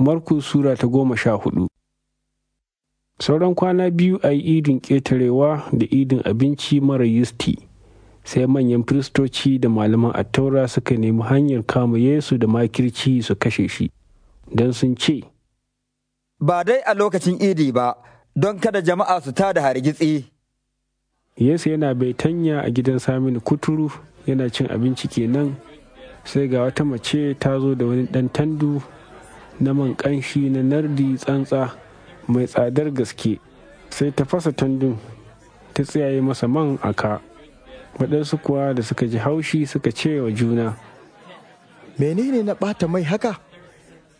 Marku Sura ta goma sha hudu Sauran kwana biyu a yi idin ƙetarewa da idin abinci mara yisti, sai manyan firistoci da malaman attaura suka nemi hanyar kama Yesu da makirci su kashe shi, don sun ce, Ba dai a lokacin idi ba, don kada jama'a su ta da hargitsi. Yesu yana baitanya a gidan Saminu kuturu yana cin abinci kenan, sai ga wata mace ta zo da wani ɗan tandu na man ƙanshi na nardi tsantsa mai tsadar gaske sai ta fasa tandun ta tsayaye masa man a ka waɗansu kuwa da suka ji haushi suka ce wa juna menene na ɓata mai haka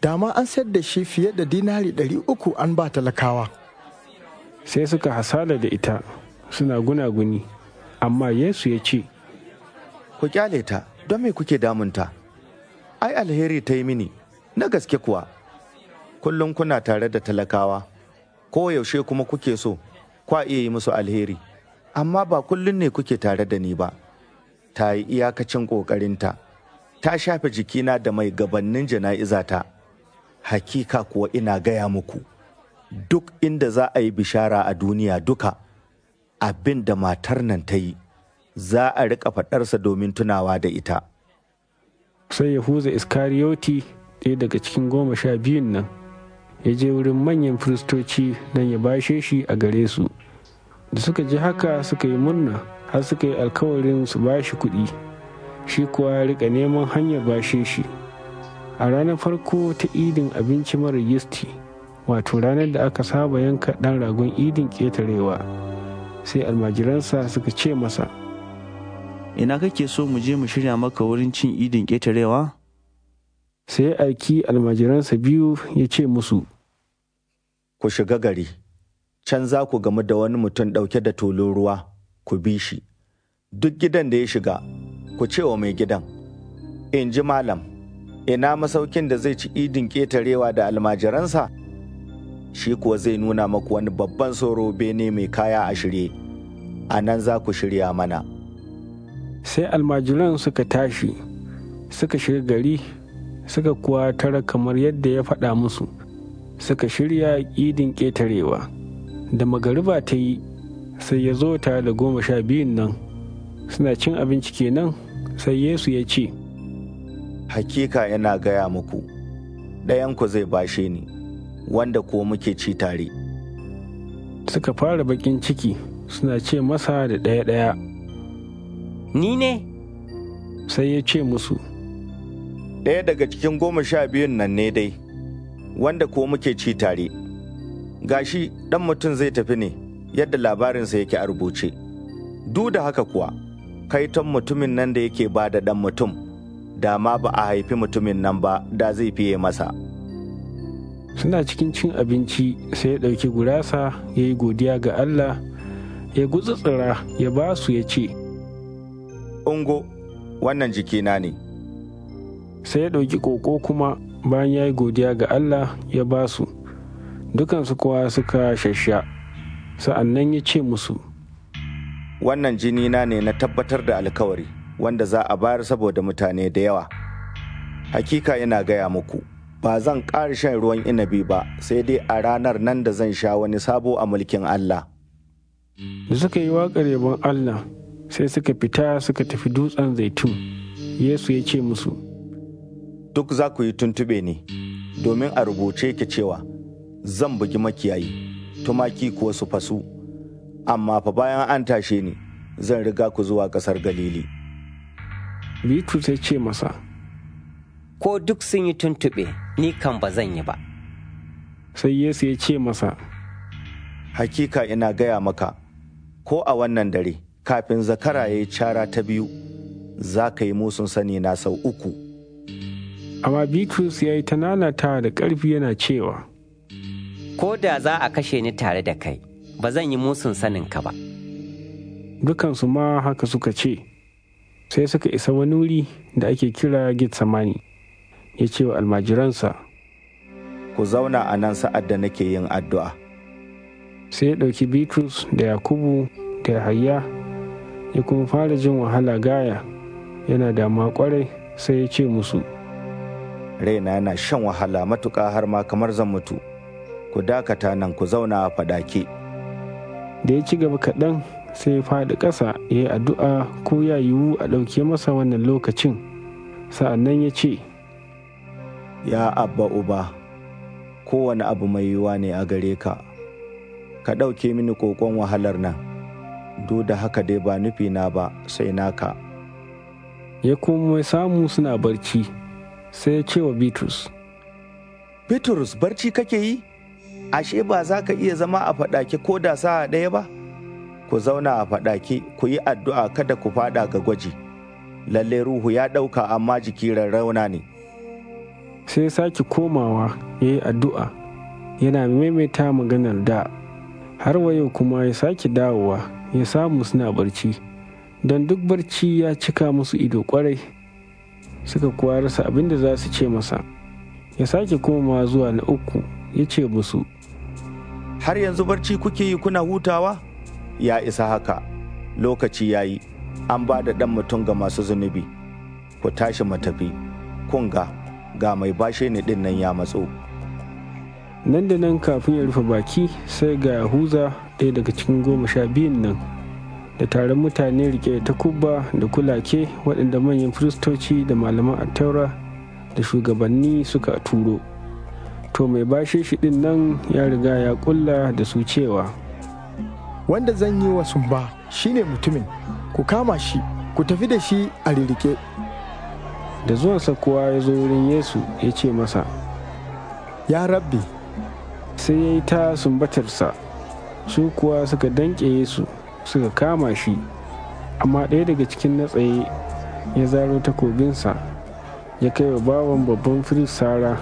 dama an sayar da shi fiye da dinari ɗari uku an ba talakawa sai suka hasala da ita suna gunaguni amma yesu ya ce ku kyale ta don me kuke damunta ai alheri ta yi mini na gaske kuwa kullum kuna tare da talakawa ko yaushe kuma kuke so kwa iya yi musu alheri amma ba kullum ne kuke tare da ni ba ta yi iyakacin ƙoƙarinta ta shafe jikina da mai gabannin jana'izata hakika kuwa ina gaya muku duk inda za a yi bishara a duniya duka abin da matar nan ta yi za a riƙa faɗarsa domin tunawa da ita sai yahuza iskarioti. ɗaya daga cikin goma sha biyun nan ya je wurin manyan firistoci don ya bashe shi a gare su da suka ji haka suka yi murna har suka yi alkawarin su ba shi kuɗi shi kuwa ya rika neman hanyar bashe shi a ranar farko ta idin abinci mara yisti wato ranar da aka saba yanka ɗan ragon idin ƙetarewa sai almajiransa suka ce masa ina kake so mu je mu shirya maka wurin cin idin ƙetarewa sai aiki almajiransa biyu ya ce musu, Ku shiga gari, can za ku gamu da wani mutum ɗauke da tulun ruwa, ku bi shi. Duk gidan da ya shiga, ku ce wa mai gidan, in ji malam, ina masaukin da zai ci idin ƙetarewa da almajiransa? Shi kuwa zai nuna maku wani babban soro bene mai kaya a shirye, a nan za ku shirya mana. Sai almajiran suka tashi, suka shiga gari. suka kuwa tara kamar yadda ya faɗa musu suka shirya idin ƙetarewa da magariba ta yi sai ya zo tare da goma sha biyun nan suna cin abinci kenan sai yesu ya ce hakika yana gaya muku ɗayanku zai bashe ni wanda ko muke ci tare suka fara bakin ciki suna ce masa da ɗaya-ɗaya ni ne sai ya ce musu ɗaya daga cikin goma sha biyun nan ne dai, wanda ko muke ci tare. Gashi ɗan mutum zai tafi ne yadda labarinsa yake a rubuce. duk da haka kuwa, kaiton mutumin nan da yake ba da ɗan mutum, da ma ba a haifi mutumin nan ba da zai fiye masa. Suna cikin cin abinci sai ya ɗauki gurasa ya yi godiya ga Allah, ya gutsutsura ya ba su ya ce, Ungo, wannan jikina ne. sai ya ɗauki ƙoƙo kuma bayan ya yi godiya ga Allah ya ba su dukansu kowa suka shasha sa'annan ya ce musu wannan jini na ne na tabbatar da alkawari wanda za a bayar saboda mutane da yawa hakika yana gaya muku ba zan ƙara shan ruwan inabi ba sai dai a ranar nan da zan sha wani sabo a mulkin Allah da suka yi waƙar yabon Allah sai suka fita suka tafi dutsen zaitun Yesu ya ce musu duk za ku yi tuntuɓe ne, domin a rubuce ki cewa, Zan bugi makiyayi, tumaki kuwa su fasu, amma fa bayan an tashe ni, zan riga ku zuwa ƙasar Galili. Bitrus ya ce masa, Ko duk sun yi tuntuɓe, ni kan ba zan yi ba. Sai Yesu ya ce masa, Hakika ina gaya maka, ko a wannan dare, kafin zakara ya yi cara ta biyu, za ka yi musun sani na sau uku. amma bitrus ya yi ta nanata da ƙarfi yana cewa ko da za a kashe ni tare da kai ba zan yi musun ka ba dukansu ma haka suka ce sai suka isa wani wuri da ake kira gitsamani ya ce wa almajiransa ku zauna a nan sa'ad da nake yin addu'a sai ya ɗauki bitrus da yakubu da yahaya ya kuma fara jin wahala gaya yana damuwa ƙwarai sai ya ce musu raina yana shan wahala matuƙa har ma kamar zan mutu ku dakata nan ku zauna a fadake da ya ci gaba kaɗan sai ya faɗi ƙasa ya yi addu'a ko ya yiwu a ɗauke masa wannan lokacin sa'annan ya ce ya abba uba kowane abu mai yiwuwa ne a gare ka ka ɗauke mini ƙoƙon wahalar nan duk da haka dai ba nufi na ba sai naka ya komo samu suna barci sai ya ce wa bitrus bitrus barci kake yi ashe ba za ka iya zama a faɗake ko da sa'a ɗaya ba ku zauna a faɗake ku yi addu'a kada ku faɗa ga gwaji lalle ruhu ya ɗauka amma jiki rarrauna ne sai sake komawa ya yi addu'a yana maimaita maganar da har wayo kuma ya sake dawowa ya samu suna barci don duk barci ya cika musu ido kwarai suka kuwa rasa abin da za su ce masa ya sake koma zuwa na uku ya ce musu har yanzu barci kuke yi kuna hutawa ya isa haka lokaci ya yi an ba da ɗan mutum ga masu zunubi ku tashi matafi kunga ga mai bashe ni ɗin nan ya matso nan da nan kafin ya rufe baki sai ga yahuza ɗaya daga cikin goma sha biyun nan da taron mutane rike da kubba da kulake waɗanda manyan firistoci da malaman attaura da shugabanni suka turo to mai bashe shi ɗin nan ya riga ya kulla da su cewa wanda zan yi wa sumba shine mutumin ku kama shi ku tafi da shi a ririke da zuwansa kuwa ya zo wurin yesu ya ce masa ya rabbi sai ya yi ta sumbatarsa su kuwa suka danƙe yesu suka kama shi amma ɗaya daga cikin na tsaye ya zaro takobinsa ya kai wa bawan babban firist sara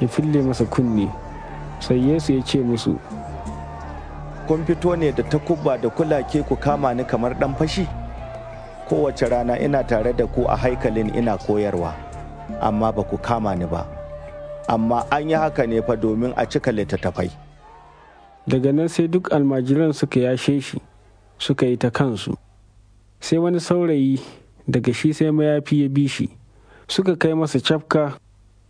ya fille masa kunne sai yesu ya ce musu kun fito ne da takuba da kulake ku kama ni kamar ɗan fashi kowace rana ina tare da ku a haikalin ina koyarwa amma ba ku kama ni ba amma an yi haka ne fa domin a cika littattafai daga nan sai duk almajiran suka yashe shi suka yi ta kansu sai wani saurayi daga shi sai mayafi ya bi shi suka kai masa cafka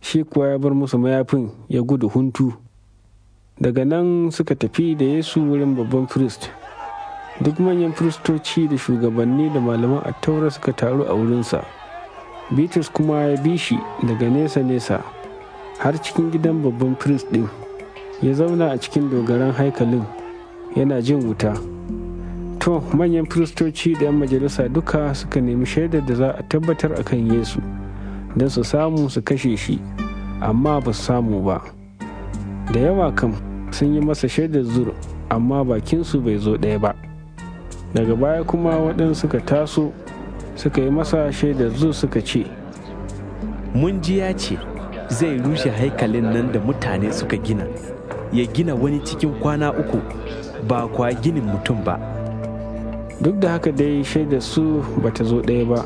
shi kuwa ya bar musu mayafin ya gudu huntu daga nan suka tafi da yesu wurin babban firist duk manyan firistoci da shugabanni da malaman attaura suka taru a wurinsa bitrus kuma ya bi shi daga nesa-nesa har cikin gidan babban firist ɗin ya zauna a cikin dogaran haikalin yana jin wuta. to manyan firistoci da 'yan majalisa duka suka nemi shaidar da za a tabbatar a kan yesu don su samu su kashe shi amma ba su samu ba da yawa kam sun yi masa shaidar zur amma bakinsu bai zo ɗaya ba daga baya kuma waɗansu suka taso suka yi masa shaidar zur suka ce mun ji ya ce zai rushe haikalin nan da mutane suka gina ya gina wani cikin kwana uku ba kwa ginin mutum ba duk da haka dai shaidar su bata zo ɗaya ba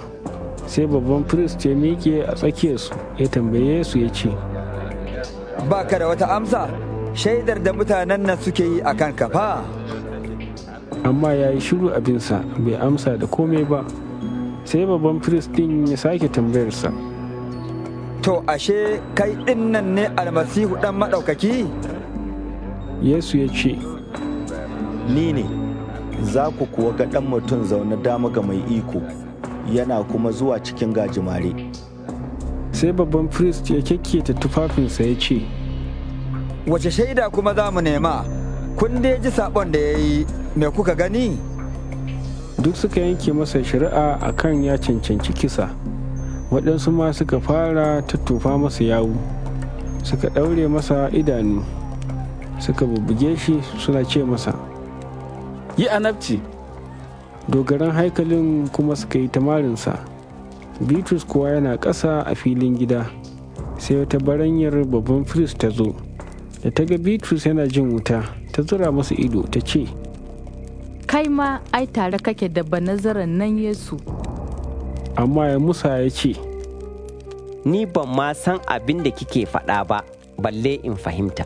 sai babban firist ya miƙe a su, ya tambaye su ya ce ba ka da wata amsa shaidar da mutanen nan suke yi a kan kafa amma ya yi shiru abinsa bai amsa da komai ba sai babban firist ɗin ya sake tambayarsa to ashe kai ɗin nan ne almasihu ɗan maɗaukaki yesu ya ce ni ne za ku kuwa ga ɗan mutum zaune dama ga mai iko yana kuma zuwa cikin gajimare sai babban firist ya kyakketa tufafinsa ya ce wace shaida kuma za mu nema kun dai ji sabon da ya yi me kuka gani duk suka yanke masa shari'a a kan ya cancanci kisa waɗansu ma suka fara ta tufa masa yawu suka ɗaure masa idanu suka bubbuge shi suna ce masa yi anabci dogaran haikalin kuma suka yi tamarinsa bitrus kuwa yana ƙasa a filin gida sai wata baranyar babban firist ta zo da ta ga bitrus yana jin wuta ta zura masa ido ta ce kai ma ai tare kake da nazarin nan yesu amma ya musa ya ce ni ban ma san abin da kike faɗa ba balle in fahimta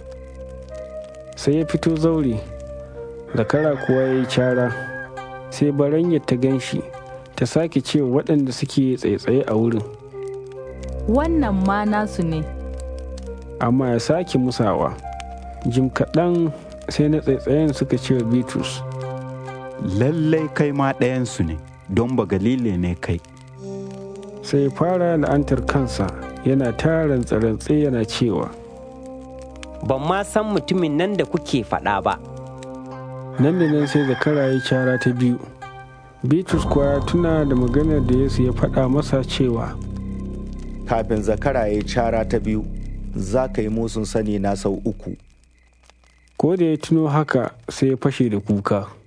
sai ya fito zaure zakara kuwa ya yi cara sai baranya ta gan shi ta sake ce waɗanda suke tsaitsaye a wurin wannan ma nasu ne amma ya sake musawa jim kaɗan sai na tsaitsayen suka ce bitrus lallai kai ma ɗayansu ne don ba galile ne kai sai fara la'antar kansa yana ta rantsarantse yana cewa ban ma san mutumin nan da kuke faɗa ba nan da nan sai zakara ya cara ta biyu bitrus kuwa ya tuna da maganar da yesu ya faɗa masa cewa kafin zakara ya cara ta biyu za ka yi musun sani na sau uku ko da ya tuno haka sai ya fashe da kuka